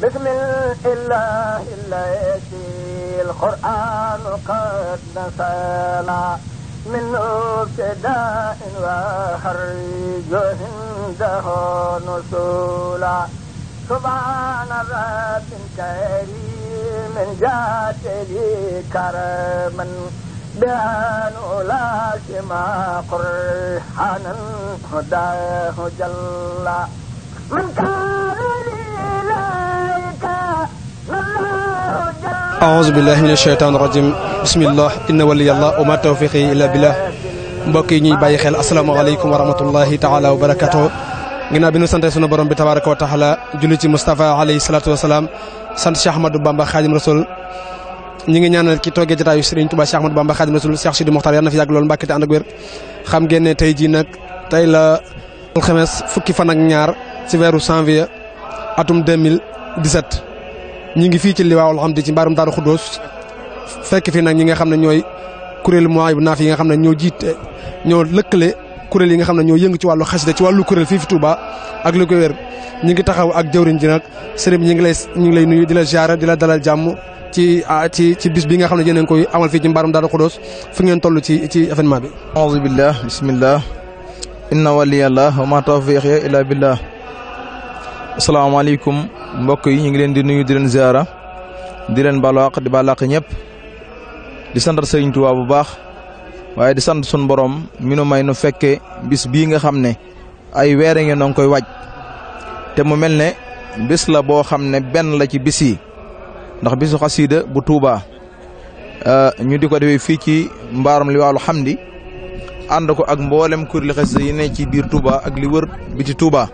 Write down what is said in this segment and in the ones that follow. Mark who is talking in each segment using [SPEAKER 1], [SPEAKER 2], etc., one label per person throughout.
[SPEAKER 1] بسم الإله الذي القرآن قد نزل من ابتداء وحرج عنده نزولا سبحان رب كريم جات لي كرما بأن ألاكم قرحانا هداه جل من كان
[SPEAKER 2] aouzu billahi min asheytaan rajim bismillah inna waliyallah wa ma tawfiqi illa billah mbokk yi ñuy bàyyi xel asalaamaaleykum wa rahmatullahi taala wa barakatuh ginnaaw bi nu sante sunu borom bi tabaraka wa taala julli ci Moustapha alayhi salaatu wasalaam sant Cheikh Ahmadou Bamba Xaadim Rasul ñi ngi ñaanal ki toogee jotaayu Serigne Touba Cheikh Ahmadou Bamba Xaadim Rasul Cheikh Sidi Mokhtar yàlla na fi yàgg loolu mbàkk te ànd ak xam ngeen ne tey jii nag tey la alxames fukki fan ak ñaar ci weeru janvier atum 2017 ñi ngi fii ci liwaawul xam di ci mbaarum daaru xuddoos fekk fii nag ñi nga xam ne ñooy kuréel mooy bu naaf yi nga xam ne ñoo jiite ñoo lëkkale kuréel yi nga xam ne ñoo yëngu ci wàllu xes de ci wàllu kuréel fii fi Touba ak lu ko wér ñi ngi taxaw ak jëwriñ ji nag sëriñ ñi ngi lay ñi ngi lay nuyu di la ziara di la dalal jàmm ci ci ci bis bi nga xam ne yéen koy amal fii
[SPEAKER 3] ci mbaarum daaru xuddoos fi ngeen toll ci ci événement bi aouzu billah bismillah inna waliyallah wa ma tawfiqi illa billah asalaamaaleykum mbokk yi ñu ngi leen di nuyu di leen ziara di leen balaax di balaax ñépp di santal Sëriñ Tuubaa bu baax waaye di sant sun boroom mi nu may nu fekkee bis bii nga xam ne ay weere ngeen ngi koy waaj te mu mel ne bis la boo xam ne benn la ci bis yi ndax bisu xasiida bu Tuubaa euh, ñu di ko defee fii ci mbaaram Liwaawul Hamdi ànd ko ak mboolem kuréel xasida yi ne ci biir Touba ak li wër bi ci Touba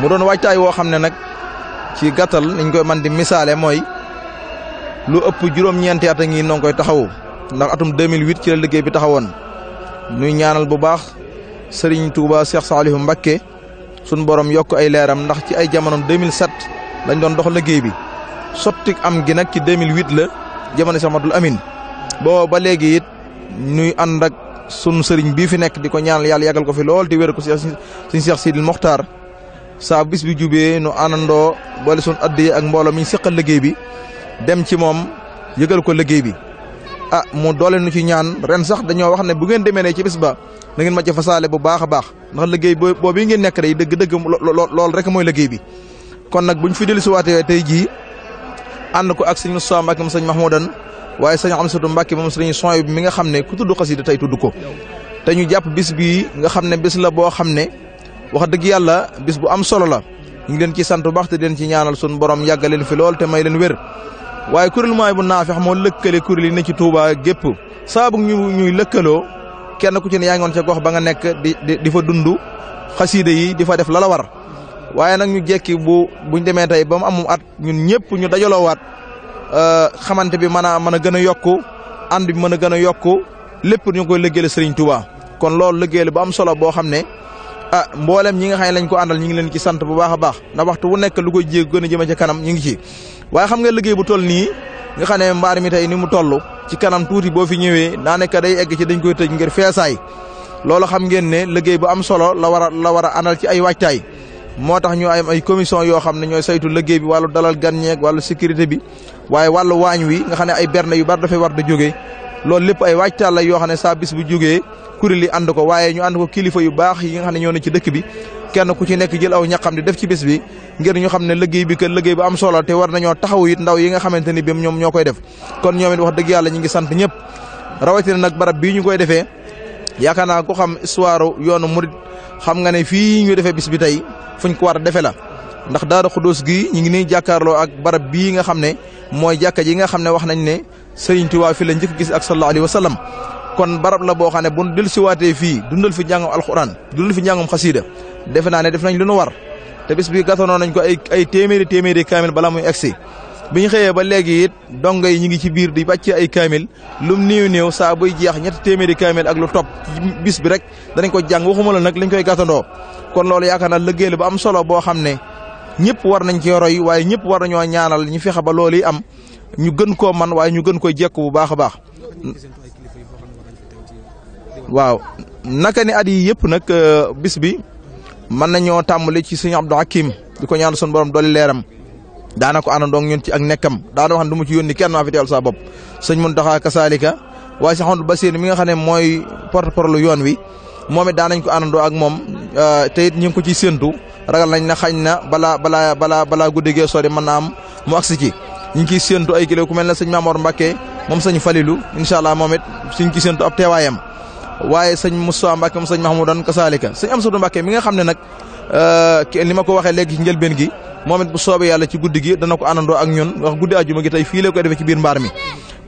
[SPEAKER 3] mu doon waajtaay woo xam ne nag ci gàttal niñ koy man di misaale mooy lu ëpp juróom-ñeenti at a ngi noo koy taxawu ndax atum 2008 ci la liggéey bi taxawoon nuy ñaanal bu baax Serigne Touba Cheikh Saliou Mbacké sunu borom yokk ay leeram ndax ci ay jamonoom 2007 lañ doon dox liggéey bi sotti am gi nag ci 2008 la jamono Cheikh matul Amin boo ba léegi it nuy ànd ak sunu Serigne bii fi nekk di ko ñaanal yàlla yàggal ko fi lool di wér ko si si Cheikh Sidil Mokhtar saa bis bi jubee nu àndandoo boole suñu addi ak mbooloo mi seqal liggéey bi dem ci moom yëgal ko liggéey bi. ah mu doole nu ci ñaan ren sax dañoo wax ne bu ngeen demee ne ci bis ba na ngeen ma ci fasaale bu baax a baax ndax liggéey boo boobu ngeen nekk rek dëgg-dëgg lool rek mooy liggéey bi. kon nag bu buñ fi dellusiwaatee tey jii ànd ko ak sëñ Moustapha Mbacke moom sëñ Mahmoudan waaye sëñ Amsatou Mbacke moom sëñ ñu bi mi nga xam ne ku tudd xasida tey tudd ko te ñu jàpp bis bii nga xam ne bis la boo xam ne wax dëgg yàlla bis bu am solo la ñu ngi leen ci sant bu baax te leen ci ñaanal sun borom yàgg leen fi lool te may leen wér waaye kuréel mooy bu naafex moo lëkkale kuréel yi ne ci Touba gépp saabu ñu ñuy lëkkaloo kenn ku ci ne yaa ngi ca gox ba nga nekk di di fa dund xasiida yi di fa def lala war waaye nag ñu jekki bu buñ demee tey ba mu amum at ñun ñëpp ñu dajaloowaat euh, xamante bi mën a mën a gën a yokku ànd bi mën a gën a yokku lépp ñu koy lëggéeyal Serigne Touba kon loolu lëggéeyal bu am solo boo xam ne ah mboolem ñi nga xam ne lañ ko àndal ñu ngi leen ci sant bu baax a baax ndax waxtu wu nekk lu ko jéeg gën a jëme ca kanam ñu ngi ci waaye xam nga liggéey bu toll nii nga xam ne mbaar mi tey ni mu toll ci kanam tuuti boo fi ñëwee daanaka day egg ci dañ koy tëj ngir feesaay loolu xam ngeen ne liggéey bu am solo la war a la war a anal ci ay waajtaay moo tax ñu am ay commission yoo xam ne ñooy saytu liggéey bi wàllu dalal gan ñeeg wàllu sécurité bi waaye wàllu waañ wi nga xam ne ay berne yu bari dafay war da jógee loolu lépp ay waajtaal la yoo xam ne saa bis bu jógee kuréel yi ànd ko waaye ñu ànd ko kilifa yu baax yi nga xam ne ñoo ne ci dëkk bi kenn ku ci nekk jël aw ñaqam di def ci bis bi ngir ñu xam ne liggéey bi que liggéey bu am solo te war nañoo taxaw it ndaw yi nga xamante ni bi ñoom ñoo koy def kon ñoom it wax dëgg yàlla ñu ngi sant ñëpp rawatina nag barab bii ñu koy defee yaakaar naa ko xam histoire yoonu murit xam nga ne fii ñu defee bis bi tey fuñ ko war a defe la ndax daara xudóos gi ñu ngi nii jàkkaarloo ak barab bii nga xam ne mooy jàkka ji nga xam ne wax nañ ne Sëriñ Tuubaa fi la njëkk gis ak sallallahu alayhi wa sallam kon barab la boo xam ne bu nu dellusiwaatee fii dundal fi njàngam alxuraan dundal fi njàngam xasiida defe naa ne def nañ lu nu war te bis bi gàttanoon nañ ko ay ay téeméeri téeméeri kaamil balaa muy egsi bi ñu xëyee ba léegi it dongo yi ñu ngi ci biir di bàcc ay kaamil lu néew néew saa jeex ñetti téeméeri kaamil ak lu topp bis bi rek danañ ko jàng waxuma la nag lañ koy gattandoo kon loolu yaakaar naa liggéey la bu am solo boo xam ne ñëpp war nañ ci roy waaye ñëpp war nañoo ñaanal ñu fexe ba loolu am ñu gën koo man waaye ñu gën koy jekku bu baax a baax waaw naka ni at yëpp nag euh, bis bi mën nañoo tàmbali ci sëñ Abdou Hakim di ko ñaan suñu borom dolli leeram daana ko àndandoo ñun ci ak nekkam daana wax ne du mu ci yónni kenn maa fi teewal saa bopp sëñ ka kasaalika waaye si ba Basiir mi nga xam ne mooy porte parole yoon wi moom it daanañ ko àndandoo ak moom euh, te ñu ko ci séentu ragal nañ na xañ na balaa balaa balaa balaa guddi gee sori mën na am mu agsi ci ñu ngi ciy séentu ay kilo ku mel ne sëñ Mamor Mbacke moom sëñ Falilou incha allah moom it suñ ciy séentu ab teewaayam waaye sëñ Moussa Mbacke moom sëñ Mahmoudan kasaalika sëñ Amsatu Mbacke mi nga xam ne nag li euh, ma ko waxee léegi ci njëlbeen gi moom it bu soobee yàlla ci guddi gi dana ko àndandoo ak ñun wax guddi àjjuma gi tey fii la koy defee ci biir mbaar mi.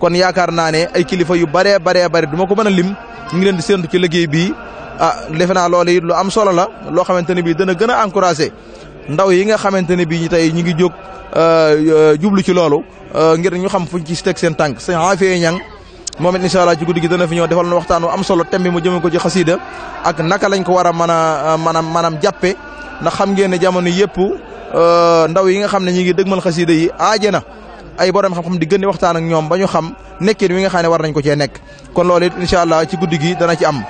[SPEAKER 3] kon yaakaar naa ne ay kilifa yu baree baree bare du ma ko mën a lim ñu ngi leen di séentu ci liggéey ah defe naa it lu am solo la loo xamante ne bii dana gën a encouragé ndaw yi nga xamante ne bii tey ñu ngi jóg euh, euh, jublu ci loolu euh, ngir ñu xam fuñ ci teg seen tànk sëñ Afee Ñang moom it incha allah ci guddi gi dana fi ñëw defal na waxtaan am solo thème mu jëme ko ci xasiida ak naka lañ ko war a mën a maanaam maanaam jàppe ndax xam ngeen ne jamono yëpp ndaw yi nga xam ne ñu ngi dëgmal xasiida yi aaje na ay borom xam-xam di gën di waxtaan ak ñoom ba ñu xam nekkin wi nga xam ne war nañ ko cee nekk kon loolu it allah ci guddi gi dana ci am.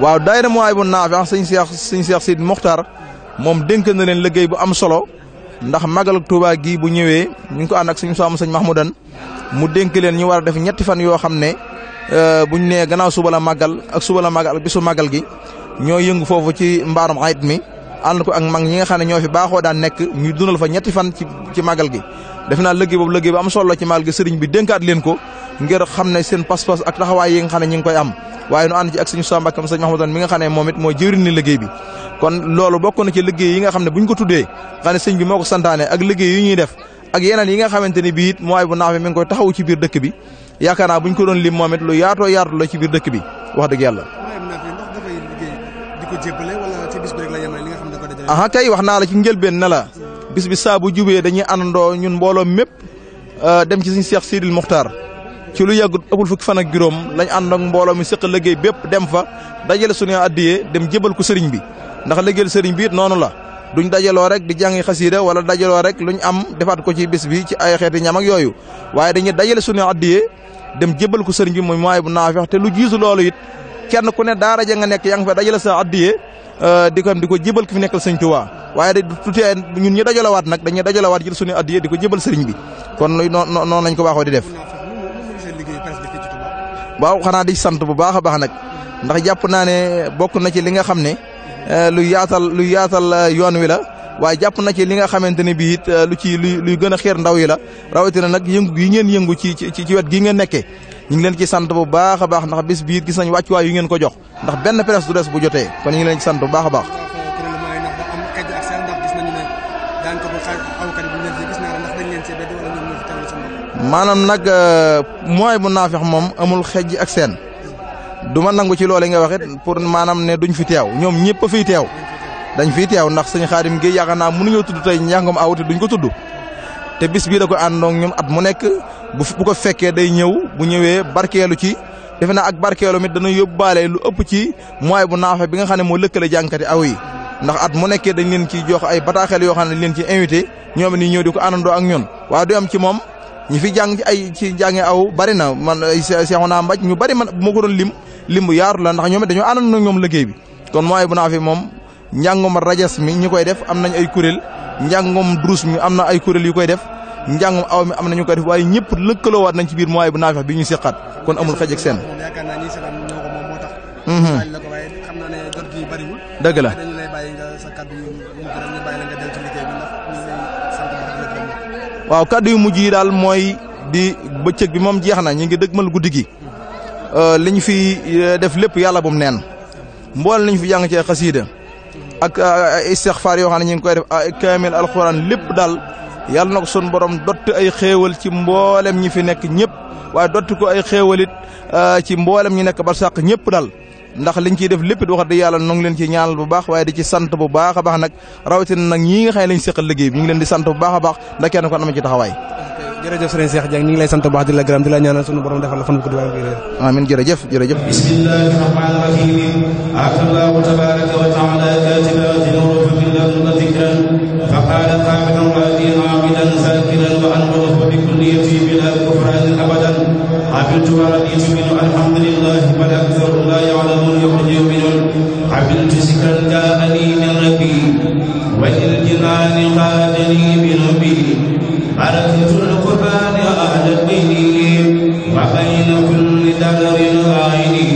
[SPEAKER 3] waaw daayira Mawahibou Nafih ah, sëñ Cheikh sëñ Cheikh Sidi Mokhtar moom dénk na leen liggéey bu am solo ndax magal tuubaa gii bu ñëwee ñu ngi ko ànd ak suñu saamu sëñ Mahmoudan mu dénk leen ñu war a def ñetti fan yoo xam ne euh, buñ nee gannaaw suba la màggal ak suba la màggal ak bisu màggal gi ñoo yëngu foofu ci mbaarum ayit mi ànd ko ak mag ñi nga xam ne ñoo fi baaxoo daan nekk ñu dundal fa ñetti fan ci ci màggal gi. def naa liggéey boobu liggéey bu am solo ci maal gi sëriñ bi dénkaat leen ko ngir xam ne seen pas-pas ak taxawaay yi nga xam ne ñu ngi koy am waaye nu ànd ci ak suñu Samba ak sëñ Mahmoudane mi nga xam ne moom it mooy jëwriñ ni liggéey bi kon loolu bokk ci liggéey yi nga xam ne bu buñ ko tuddee xam ne sëñ bi moo ko santaane ak liggéey yi ñuy def ak yeneen yi nga xamante ni bii it mooy bu naax mi mi koy taxawu ci biir dëkk bi yaakaar naa buñ ko doon lim moom it lu yaatoo yaatu la ci biir dëkk bi wax dëgg yàlla aha kay wax naa la ci njëlbeen na la bis bi saa bu jubee dañuy àndandoo ñun mbooloo mépp euh, dem ci suñu seex Sidil Muxtaar ci lu yàggut ëppul fukki fan ak juróom lañ ànd mbooloo mi sëq liggéey bépp dem fa dajale suñu addiyee dem jébal ko sëriñ bi ndax liggéeyal sëriñ bi noonu la duñ dajaloo rek di jàngi xasiida wala dajaloo rek luñ am defaat ko ci bis bi ci ay xeeti ñam ak yooyu waaye dañuy dajale suñu addiyee dem jëbal ko sëriñ bi mooy maay bu naafeex te lu jiisu loolu it kenn ku ne daara ja nga nekk yaa ngi fa dajale sa addiyee Euh, di ko am ko jébal ki fi nekkal sëñ Tuubaa waaye de tutee ñun ñu dajalawaat nag dañuy dajalawaat jël suñu addiya di ko jébal sëriñ bi kon noonu noonu lañ ko baaxoo di def. waaw xanaa di sant bu baax a baax nag ndax jàpp naa ne bokk na ci li nga xam ne euh, lu yaatal lu yaatal euh, yoon wi la. waaye jàpp na ci li nga xamante ne bii it lu ci luy luy gën a xeer ndaw yi la rawatina nag yëngu yi ngeen yëngu ci ci ci wet gi ngeen nekkee ñu ngi leen ci sant bu baax baax ndax bis biir gis nañ wàccuwaay yu ngeen ko jox ndax benn presse du des bu jotee kon ñu ngi leen ci sant bu baax a baax maanaam nag euh, mooy bu naafex moom amul xejj ak seen du ma nangu ci loole nga wax it pour maanaam ne duñ fi teew ñoom ñëpp fiy teew dañ fiy teew ndax sëñ Xaadim Géey yaakaar naa mënuñoo tudd tey njàngam aw te duñ ko tudd te bis bii da ko àndoo ñoom at mu nekk bu ko fekkee day ñëw bu ñëwee barkeelu ci defe na ak barkeelu mit dana yóbbaale lu ëpp ci mooy bu naafe bi nga xam ne moo lëkkale jànkati aw yi ndax at mu nekkee dañ leen ciy jox ay bataaxel yoo xam ne dañ leen ciy invité ñoom ni ñëw di ko àndandoo ak ñun waaye du am ci moom ñi fi jàng ay ci jànge aw bari na man seexu naa mbaj ñu bari man bu ma ko doon lim lim bu yaaru la ndax ñoom it dañoo àndandoo ñoom liggéey bi kon mooy bu naafe moom njànguma rajas mi ñi koy def am nañ ay kuréel njàngum drus mi am na ay kuréel yu koy def njàngum aw mi am na ñu koy def waaye ñëpp lëkkaloowaat nañ ci biir mooy bu naafex bi ñu seqaat kon amul xej ak mhm. dëgg la. waaw kàddu yu mujj yi daal mooy di bëccëg bi moom jeex na ñu ngi dëgg dëgmal guddi gi. Euh, li ñu fi euh, def lépp yàlla bu mu neen mbool li ñu fi jàng ci xasiida ak eh, istixfaar yoo xam ne ñu fi nekk ñëpp waaye dott ko ay xéewalit eh, ci mboolem ñi nekk ba sàq ñëpp daal ndax liñ ciy def lépp di wax di yàlla nu ngi leen ci ñaanal bu baax waaye di ci sant bu baax a baax nag rawatina nag ñii nga xam ne lañ ngi leen di sant bu baax a baax ndax kenn ko am ci taxawaay.
[SPEAKER 2] jërëjëf Serigne Cheikh Dieng ñu ngi lay sant la gërëm di la ñaanal sunu borom defal la
[SPEAKER 1] قال قائلا والدي عابدا ذاكرا وانظر فبكليتي بلا كفران ابدا عملت ورديت منه الحمد لله بل اكثر لا يعلمون يخرج يؤمنون عملت ذكرا جاءني من ربي والى الجنان قادني من ربي بركه القران اهلت بيني وبين كل دهر غائني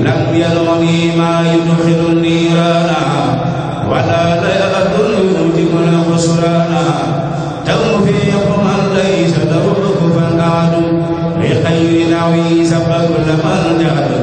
[SPEAKER 1] لم يلغني ما يدخل النيران ولا ليأ شفاء توفيق من ليس له كفا أحد لخير نعيس قبل من جعل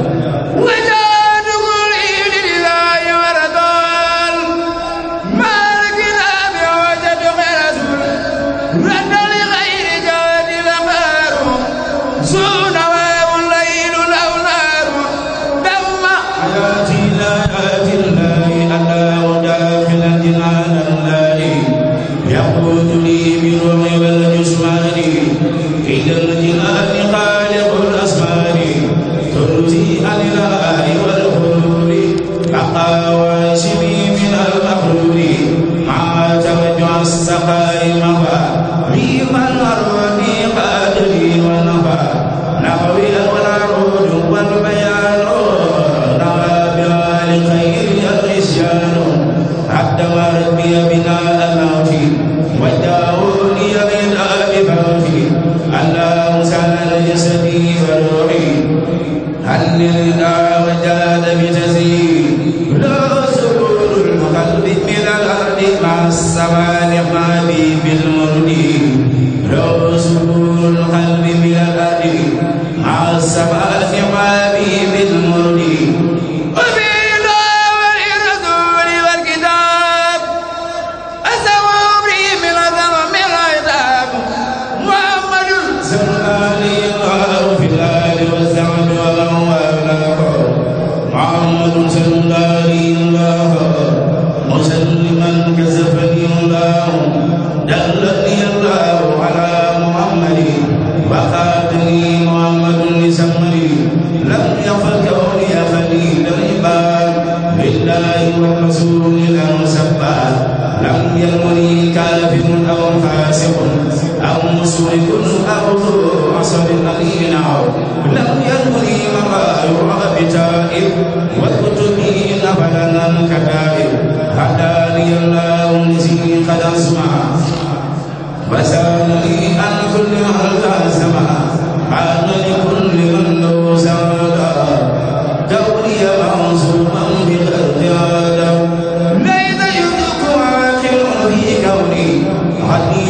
[SPEAKER 1] Amém.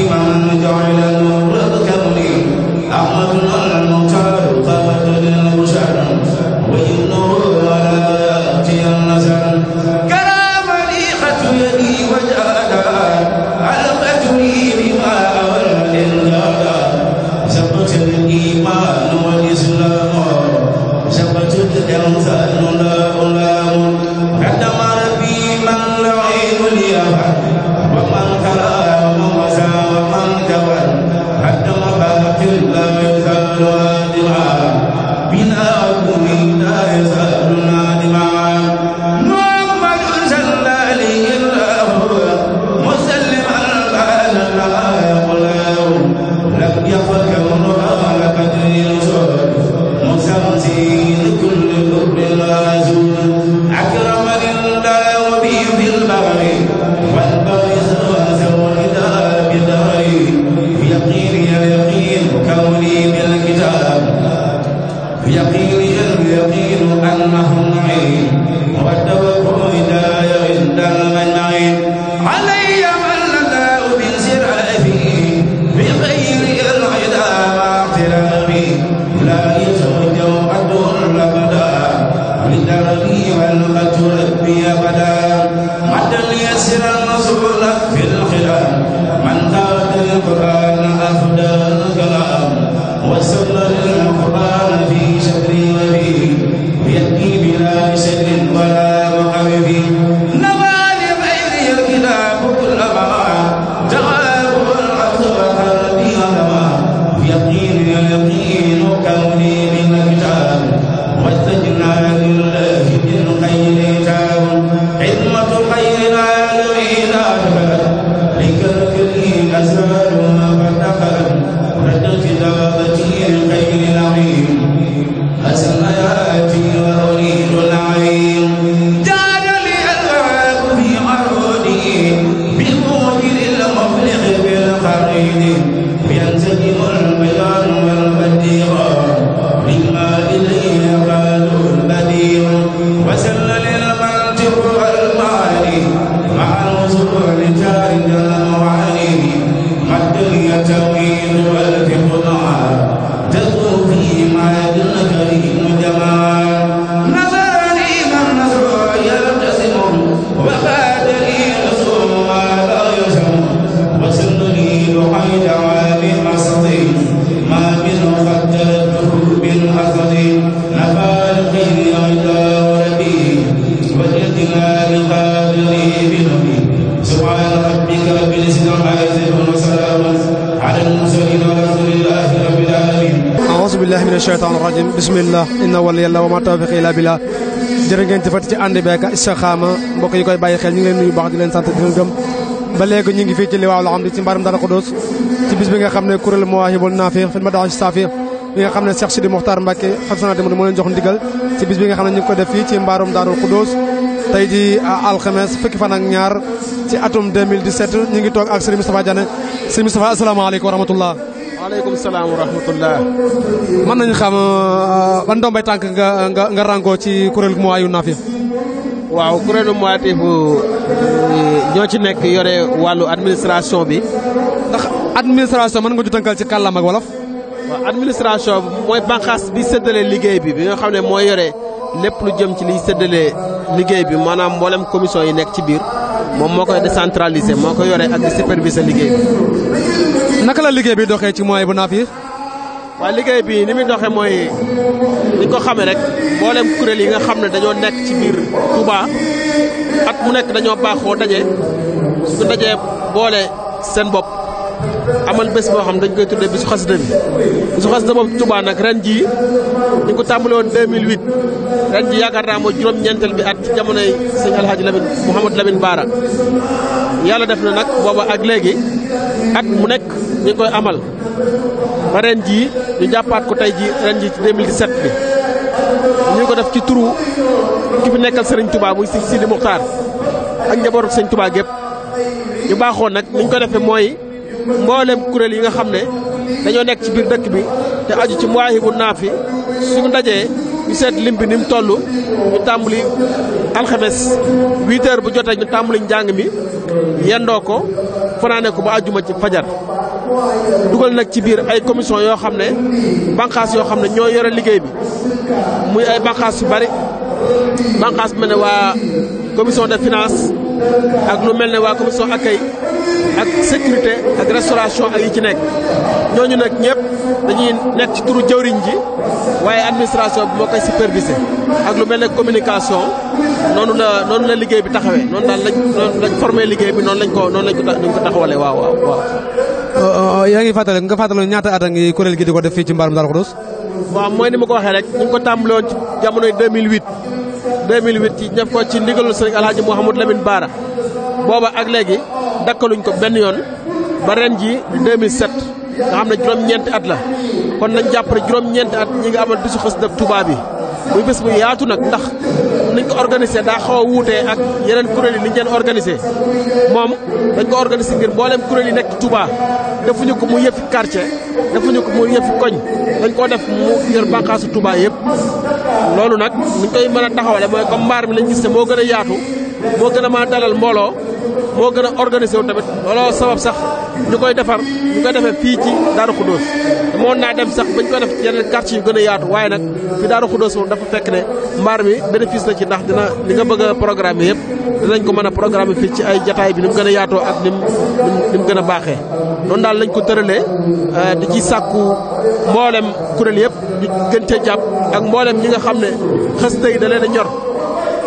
[SPEAKER 1] اليقين أنه معين والتوكل هداية عند المنعين علي من لا بنزر فيه بغير العدا واعترافي لا يتوجه قدر الأبدا لدربي والقد ربي أبدا مد اليسر النصر في الخلال من ترك القرآن
[SPEAKER 2] sheytaan rajim bismillah inna wali yàlla wa ma tawfiq illa billah jërë ngeen jëfati ci ànd beeka istiqaama mbokk yi koy bàyyi xel ñu ngi leen nuyu baax di leen sant di leen gëm ba léegi ñu ngi fii ci liwaawul amri ci mbaram dara xudóos ci bis bi nga xam ne kuréel mawaahibul naafix fi ma dax nga xam ne Cheikh Sidi Mokhtar Mbacke xasana demone moo leen jox ndigal ci bis bi nga xam ne ñu ngi ko def fii ci mbaarum daarul xudóos tey ji
[SPEAKER 4] waaleykum salaam wa mën
[SPEAKER 2] nañu xam euh, ban ndombay tànk nga nga nga ràngoo ci kuréel Mouwahiboul Nafih. waaw kuréelu Mouwahiboul Nafih
[SPEAKER 4] mm, ñoo ci nekk yore wàllu administration bi. ndax administration mën nga ju tënkal ci kàllaam ak wolof. waaw mooy bànqaas bi séddale liggéey bi bi nga xam ne mooy yore lépp lu jëm ci liy séddale liggéey bi maanaam mboolem commission yi nekk ci biir moom moo koy décentralisé moo koy yore ak di superviser liggéey bi. naka la liggéey bi doxee ci mooy bu naaf yi. waaye liggéey bi ni muy doxee mooy ni ko xamee rek mboolem kuréel yi nga xam ne dañoo nekk ci biir Touba at mu nekk dañoo baaxoo daje su ko dajee boole seen bopp. amal bés boo xam ne dañ koy tuddee bisu xasida bi bisu xasida boobu Touba nag ren jii ñu ko tàmbale woon 2008 ren jii yaakaar naa mooy juróom-ñeenteel bi at ci jamonoy sëñ Alhaji Lamine Mouhamadou Lamine Baara yàlla def na nag booba ak léegi at mu nekk ñu koy amal ba ren jii ñu jàppaat ko tey jii ren jii ci 2017 bi ñu ko def ci turu ki fi nekkal Serigne Touba muy Sidi Mokhtar ak njabootu Sëñ Touba gépp ñu baaxoon nag niñ ko defee mooy. mboolem kuréel yi nga xam ne dañoo nekk ci biir dëkk bi te aju ci Mawaahibu Naafi suñu ndajee ñu seet lim bi ni mu toll ñu tàmbali alxames 8 bu jotee ñu tàmbali njàng mi yendoo ko fanaane ko ba àjjuma ci fajar dugal nag ci biir ay commission yoo xam ne banqaas yoo xam ne ñoo yore liggéey bi muy ay banqaas yu bari banqaas bu mel ne waa commission des finances ak lu mel ne waa commission accueil ak sécurité ak restauration ak yi ci nekk ñooñu nag ñëpp dañuy nekk ci turu jëwriñ ji waaye administration bi moo koy superviser ak lu mel ne communication noonu la noonu la liggéey bi taxawee noonu daal lañ lañ formé liggéey bi noonu lañ ko noonu lañ ko dañ ko taxawalee waaw waaw waaw.
[SPEAKER 2] Euh, euh, yaa ngi fàttali nga fàttali ñaata at a ngi kuréel gi di ko def fii ci mbaarum Darou Khoudoss.
[SPEAKER 4] waaw mooy ni ma ko waxee rek ñu ngi ko tàmbalee woon ci yi 2008 2008 ci def ko ci ndigalul sëriñ Alhaji Mouhamadou Lamine Baara booba ak léegi. dakkaluñ ko benn yoon ba ren ji 2007 nga xam ne juróom-ñeenti at la kon nañ jàppale juróom-ñeenti at ñi ngi amal bisu xasida Touba bi muy bés bu yaatu nag ndax nañ ko organisé daa xaw a wuute ak yeneen kuréel yi niñ leen moom dañ ko organisé ngir mboolem kuréel yi nekk Touba defuñu ko mu yëfi quartier ñu ko mu yëfi koñ dañ koo def mu yor bànqaasu Touba yëpp loolu nag niñ koy mën a taxawale mooy comme mbaar mi lañ gis ne moo gën a yaatu moo gën a mën a mbooloo moo gën a organisé wu tamit looloo sabab sax ñu koy defar ñu koy fii ci Daaru Xudóos moon naa dem sax bañ koy def ci yeneen quartier yu gën a yaatu waaye nag fi Daaru Xudóos moom dafa fekk ne mbaar mi bénéfice na ci ndax dina li nga bëgg a programme yëpp dinañ ko mën a programme fii ci ay jataay bi ni mu gën a yaatoo ak ni mu gën a baaxee noonu daal lañ ko tëralee euh, di ci sàkku mboolem kuréel yëpp ñu gën cee ak mboolem ñi nga xam ne xës yi da leen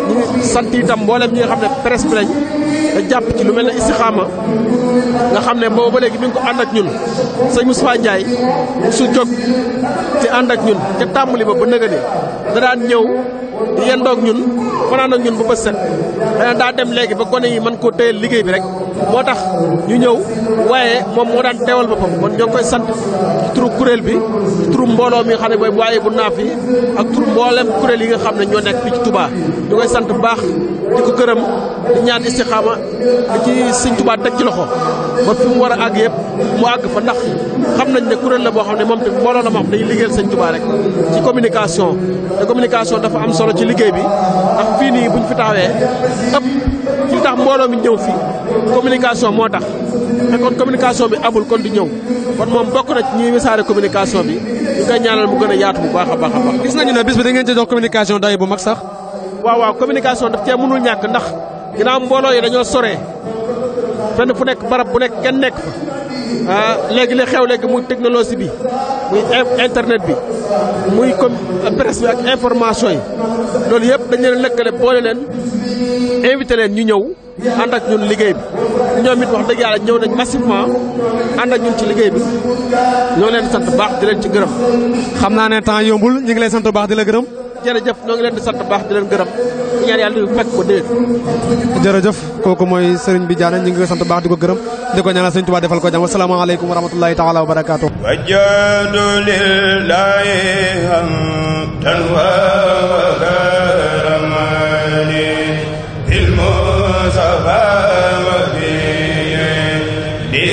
[SPEAKER 4] ñu ngi sant mboolem ñi nga xam ne presse bi jàpp ci lu mel ne istixaama nga xam ne boobu ba léegi mi ko ànd ak ñun sëñ Moustapha Ndiaye su jóg ci ànd ak ñun ca tàmbali ba ba nëgëne da daan ñëw di yendoog ñun fanaan ak ñun ba bët set xëy daa dem léegi ba gone yi mën koo téyel liggéey bi rek moo tax ñu ñëw waaye moom moo daan teewal boppam kon ñoo koy sant ci turu kuréel bi ci turu mbooloo mi nga xam ne mooy waaye bu naaf yi ak turu mboolem kuréel yi nga xam ne ñoo nekk fii ci Touba ñu koy sant bu baax di ko gërëm di ñaan istixaama di ci Sëñ Touba teg ci loxo ba fi mu war a àgg yëpp mu àgg fa ndax xam nañ ne kuréel la boo xam ne moom te mbooloo la moo xam dañuy liggéeyal sëñ Tuubaa rek ci communication te communication dafa am solo ci liggéey bi ndax fii nii buñ fi taxawee ëpp ci li tax mbooloo mi ñëw fii communication moo tax te kon communication bi amul kon du ñëw kon moom bokk na ci ñuy wisaare communication bi ñu koy ñaanal mu gën a yaatu bu baax a baax a baax. gis nañu ne bis bi da ngeen ci jox communication day bu mag sax. waaw waaw communication daf cee ñàkk ndax ginnaaw mbooloo yi dañoo sore fenn fu nekk barab bu nekk kenn nekk Ah, léegi li xew léegi muy technologie bi muy internet bi muy a presse bi ak information yi loolu yëpp dañ leen lëkkale boole leen invité leen ñu ñëw ànd ak ñun liggéey bi ñoom it wax dëgg yàlla ñëw nañ ma ànd ak ñun ci liggéey bi ñoo leen sant baax di leen ci gërëm.
[SPEAKER 2] xam naa ne temps yombul ñu ngi lay sant baax di la gërëm.
[SPEAKER 4] jërëjëf ñoo ngi leen di sant baax di leen gërëm di di ko déet.
[SPEAKER 2] jërëjëf kooku mooy sëriñ bi Diané ñu ngi sant baax di ko gërëm di ko ñaanal Serigne wa defal ko jàmm asalaamaaleykum wa rahmatulahi taala wa barakaatu.
[SPEAKER 5] wajjadu lillahi hamdan wa karamani bil musafa wa fi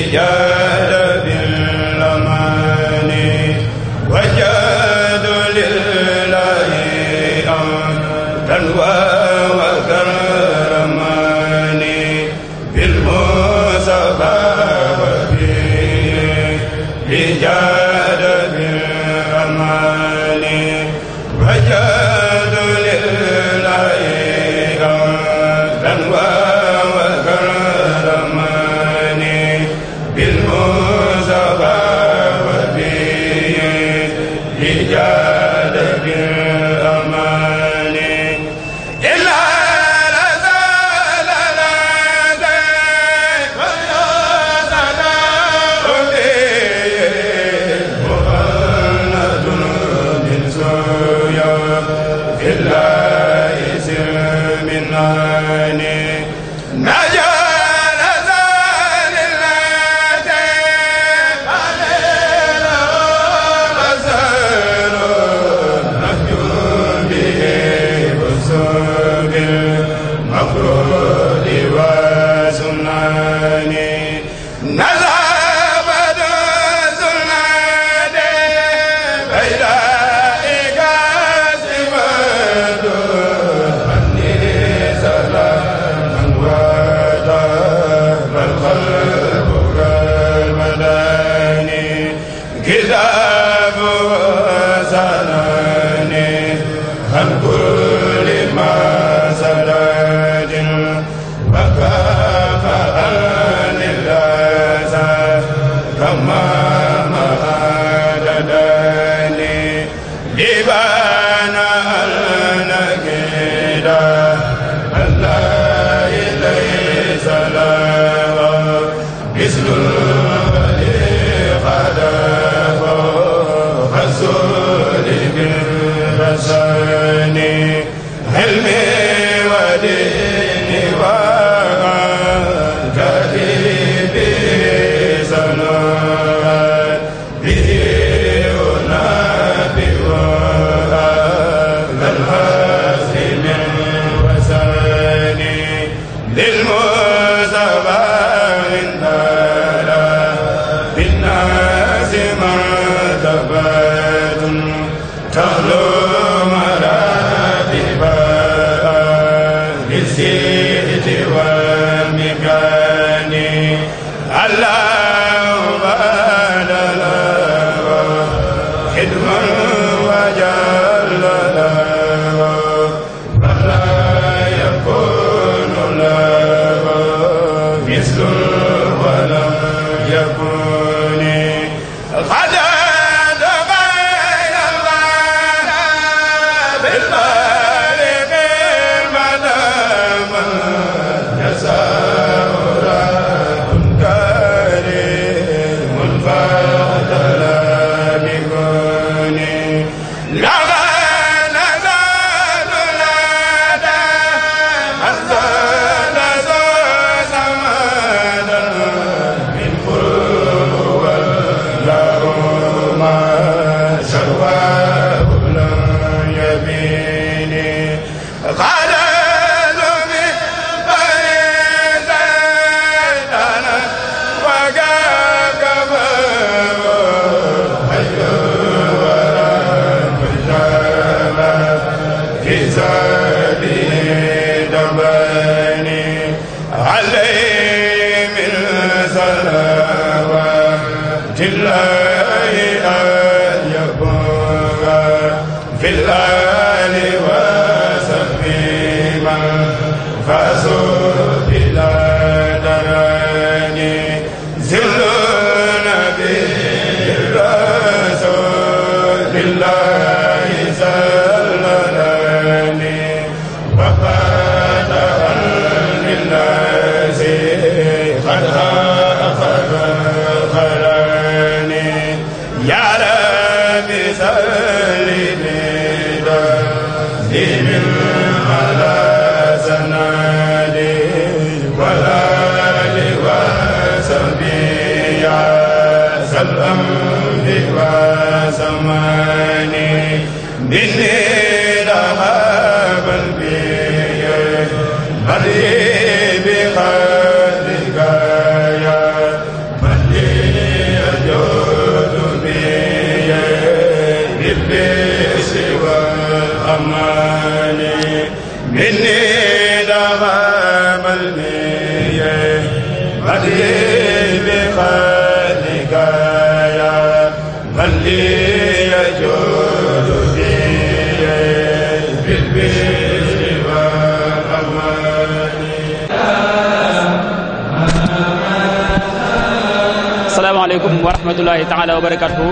[SPEAKER 6] asalaamaaleykum
[SPEAKER 1] wa rahmatulahi taala wa barakaatu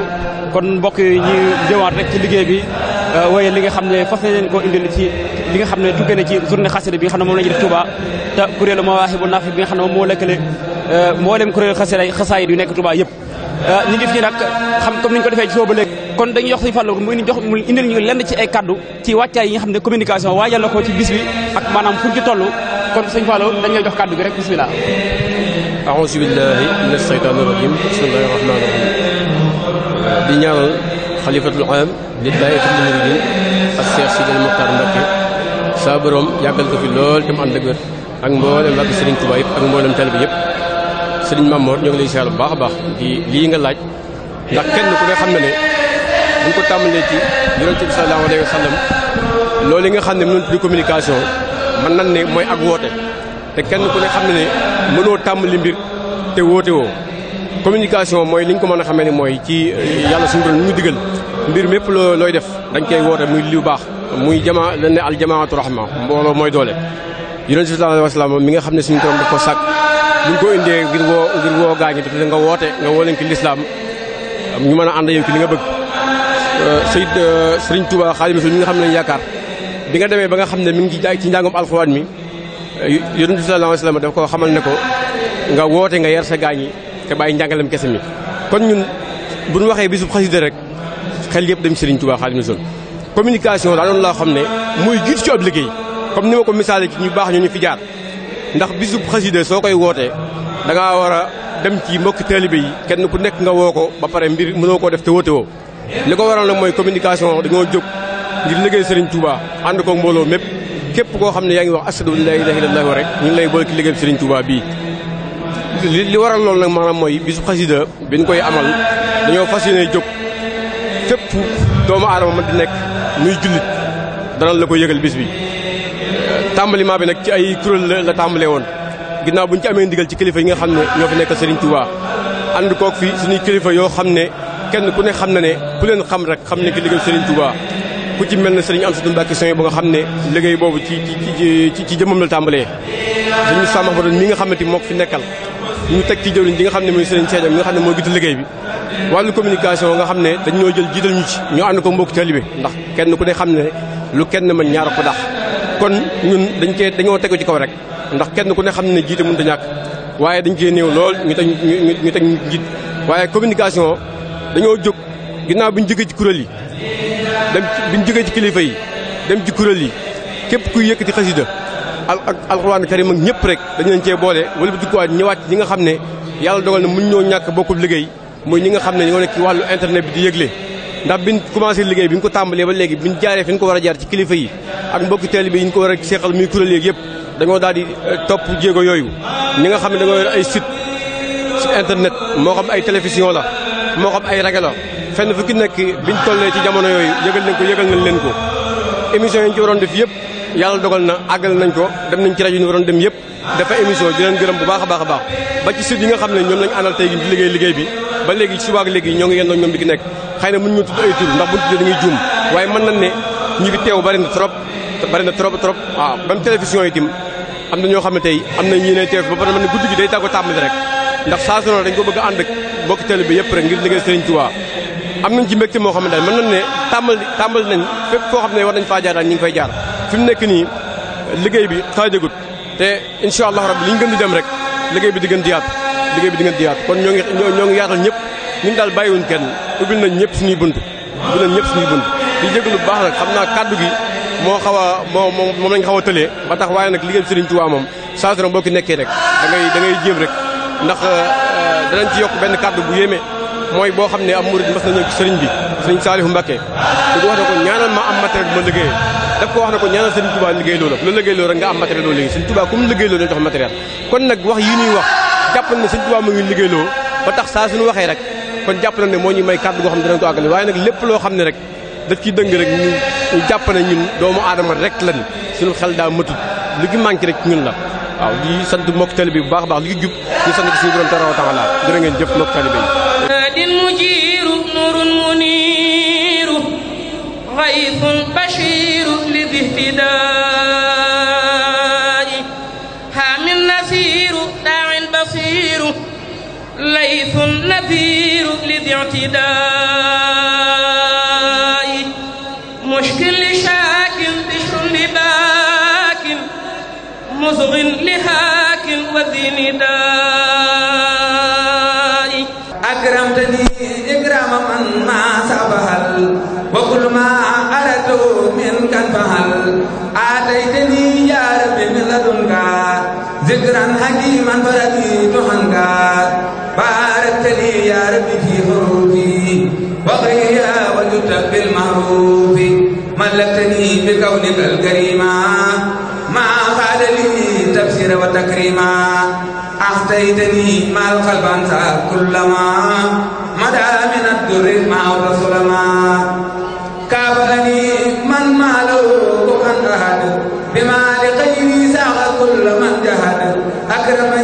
[SPEAKER 2] kon mbokk yi ñu jëwaat rek ci liggéey bi euh, waaye li nga xam ne fas nañ leen koo indil ci li nga xam ne tukkee na ci journée xasida bi nga xam ne moom la ñu def Touba te kuréelu Mawaahibu bi nga xam ne moom moo lëkkale euh, mboolem kuréelu xasida xasaayid yu nekk Touba yëpp euh, ñu ngi fii nag comme ni ko defee soo ba léegi kon dañuy yox suñu fàllu mu indi jox mu indil ñu lenn ci ay kaddu ci wàccaay yi nga xam ne communication
[SPEAKER 7] waajal na ko ci bis bi ak maanaam fuñ ci toll kon suñu fàllu dañ lay jox kaddu gi rek bisimilah aouzu billahi min asheytaan irajim bismillahi rahmani rahim di ñaanal xalifatul am li daayatul muridin ak Cheikh Sidil Mokhtar Mbacké saa borom yàggal ko fi lool te mu ànd ak wér ak mboolem wàgg Serigne Touba yëpp ak mboolem talibe yëpp Serigne Mamour ñoo ngi lay siyaar bu baax a baax na ne bu ñu ko tàmbalee ci yonent bi loolu yi nga xam ne mënut di communication man nan ne mooy ak woote te kenn ku ne xam ne ne mënoo tàmbali mbir te woote woo communication mooy li ñu ko mën a xamee ne mooy ci euh, yàlla suñu borom ñu digal mbir mépp loo looy def dañ koy woote muy lu baax muy jamaa dañ ne al jamaatu rahma mbooloo mooy doole yonent bi sallallahu alayhi wa mi nga xam ne suñu borom daf ko sàkk bu ñu ko indee ngir woo ngir woo gaañi nga woote nga woo leen ki lislaam ñu mën a ànd yow ci li nga bëgg Euh, Seyid euh, Serigne Touba Xaadimu Rasuul ñi nga xam ne yaakaar bi nga demee ba nga xam ne mi ngi ci njàngum alxuraan mi euh, yonent bi sallallahu alayhi wasallam daf koo xamal ne ko nga woote nga yar sa gaañ yi te bàyyi njàngalem kese mi kon ñun bu nu waxee bisub xasida rek xel yëpp dem Serigne Touba Xaadimu Rasuul communication daa doon loo xam ne mooy jiitu ci ab liggéey comme ni ma ko misaale ci ñu baax ñu ñu fi jaar ndax bisub xasida soo koy wootee da ngaa war a dem ci mbokki taalibe yi kenn ku nekk nga woo ko ba pare mbir mënoo koo def te woote woo li ko waral nag mooy communication dañoo jóg ngir liggéey Serigne Touba ànd ko mbooloo mépp képp koo xam ne yaa ngi wax ashadu an laa ilaaha illallaah rek ñu ngi lay boole ci liggéey Serigne Touba bii. li li waral loolu nag maanaam mooy bisu xasida bi ñu koy amal dañoo fas yéene jóg fépp doomu aadama man di nekk muy jullit danañ la ko yëgal bis bi. tàmbaliment bi nag ci ay kuréel la la tàmbalee woon ginnaaw bu ñu ci amee ndigal ci kilifa yi nga xam ne ñoo fi yoo xam ne kenn ku ne xam ne ne ku leen xam rek xam ne ki liggéey Serigne Touba ku ci mel ne Serigne Amsatou Mbacké Sow ba nga xam ne liggéey boobu ci ci ci ci jëmmam la tàmbalee. Serigne Moustapha Mahmoudane mi nga xamante moo ko fi nekkal ñu teg ci jëwriñ ji nga xam ne mooy Serigne Cheikh nga xam ne moo gis liggéey bi. wàllu communication nga xam ne dañ ñoo jël jiital ñu ci ñu ànd ko mbokk talibé ndax kenn ku ne xam ne lu kenn mën ñaar ko dax kon ñun dañ cee dañoo tegu ci kaw rek ndax kenn ku ne xam ne jiite mënut a ñàkk waaye dañ cee néew lool ñu ñu teg njiit waaye communication dañoo jóg ginnaaw bi ñu jógee ci kuréel yi dem bi ñu jógee ci kilifa yi dem ci kuréel yi képp kuy yëkkati xasida al ak alxuraan karim ak ñëpp rek dañu leen cee boole wala bu dikkuwaat ñëwaat ñi nga xam ne yàlla dogal na mun ñoo ñàkk bokkul liggéey mooy ñi nga xam ne ñoo nekk ci wàllu internet bi di yëgle ndax biñ commencé liggéey bi ñu ko tàmbalee ba léegi bi biñ jaaree fi ñu ko war a jaar ci kilifa yi ak mbokki teel bi ñu ko war a seexal muy kuréel yeeg yëpp dañoo daal di eh, topp jéego yooyu ñi nga xam ne dañoo yor ay site site internet moo xam ay télévision la moo xam ay rajo la fenn fu ki nekk biñ tollee ci jamono yooyu yëgal nañ ko yëgal nañ leen ko émission yi ñu ci waroon def yëpp yàlla dogal na àggal nañ ko dem nañ ci rajo yi waroon dem yëpp dafa émission di leen gërëm bu baax a baax a baax ba ci site nga xam ne ñoom lañ àndal tey gi ci liggéey liggéey bi ba léegi ci subaak léegi ñoo ngi yendoo ñoom di ki nekk xëy na mën ñu tudd ay tur ndax buñ tuddee dañuy juum waaye mën nañ ne ñi teew bari bari na trop trop waaw télévision yi tim am na ñoo xam ne tey am na ñi ne teew ba pare mën na gi day tàggo tàmbali rek ndax saa su ne dañ ko bëgg a ànd ak mbokki tali bi yëpp rek ngir liggéey Serigne Touba am nañ ci mbégte moo xam ne daal mën nañ ne tàmbal tàmbal nañ fépp foo xam ne war nañ faa jaar daal ñu ngi fay jaar fi mu nekk nii liggéey bi xaajagut te incha allah rabbi li ñu gën di dem rek liggéey bi di gën di yaatu liggéey bi di gën di kon ñoo ngi ñoo ngi yaatal ñëpp ñun daal bàyyiwuñ kenn ubbil nañ ñëpp suñuy bunt ubbil nañ ñëpp suñuy bunt di jégalu bu baax nag xam naa kaddu gi moo xaw a moo moom lañ xaw a tëlee ba tax waaye nag liggéey bi Serigne Touba moom saa boo ki nekkee rek da ngay da ngay jéem rek ndax euh, euh, danañ ci yokk benn kàddu bu yéeme mooy boo xam ne am murid mas na ñëw sëriñ bi sëriñ Saalihu Mbàkke di ko wax ne ko ñaanal ma am matériel moo ma liggéeyee daf ko wax ne ko ñaanal sëriñ Tuubaa liggéey loola loolu liggéey loola nga am matériel loolu liggéey sëriñ Tuubaa ku mu liggéey jox matériel kon nag wax yii wax jàpp na ne sëriñ Tuubaa mu ngi liggéey loo ba tax saa suñu waxee rek kon jàpp na ne moo ñuy may kàddu goo xam ne danañ ko àggale waaye nag lépp loo xam ne rek daf ciy dëng rek ñu jàpp ne ñun doomu aadama rek lañ suñu xel daa matut lu gi manqué rek ñun la waaw di sant mbokk tali bi bu baax a baax li jub di sant ko suñu borom tabaaraka wa taala jërë ngeen jëf mbokk tali bi
[SPEAKER 6] ليث نذير لذي اعتداء مشكل شاك بشر لباك مزغ بندائك أكرمتني إكرام من ما سبهل وكل ما أردت منك فهل آتيتني يا رب من لدنك ذكرا حكيما فرديت عنك باركت لي يا رب في حروفي وغيرها وجدت بالمعروف ملكتني بكونك الكريمه تبشيرا وتكريما أعطيتني ما القلب أنت كلما مدى من الدر مع الرسول ما كابلني من ماله أن أهد بما لغيري ساغ كل من جهد أكرمني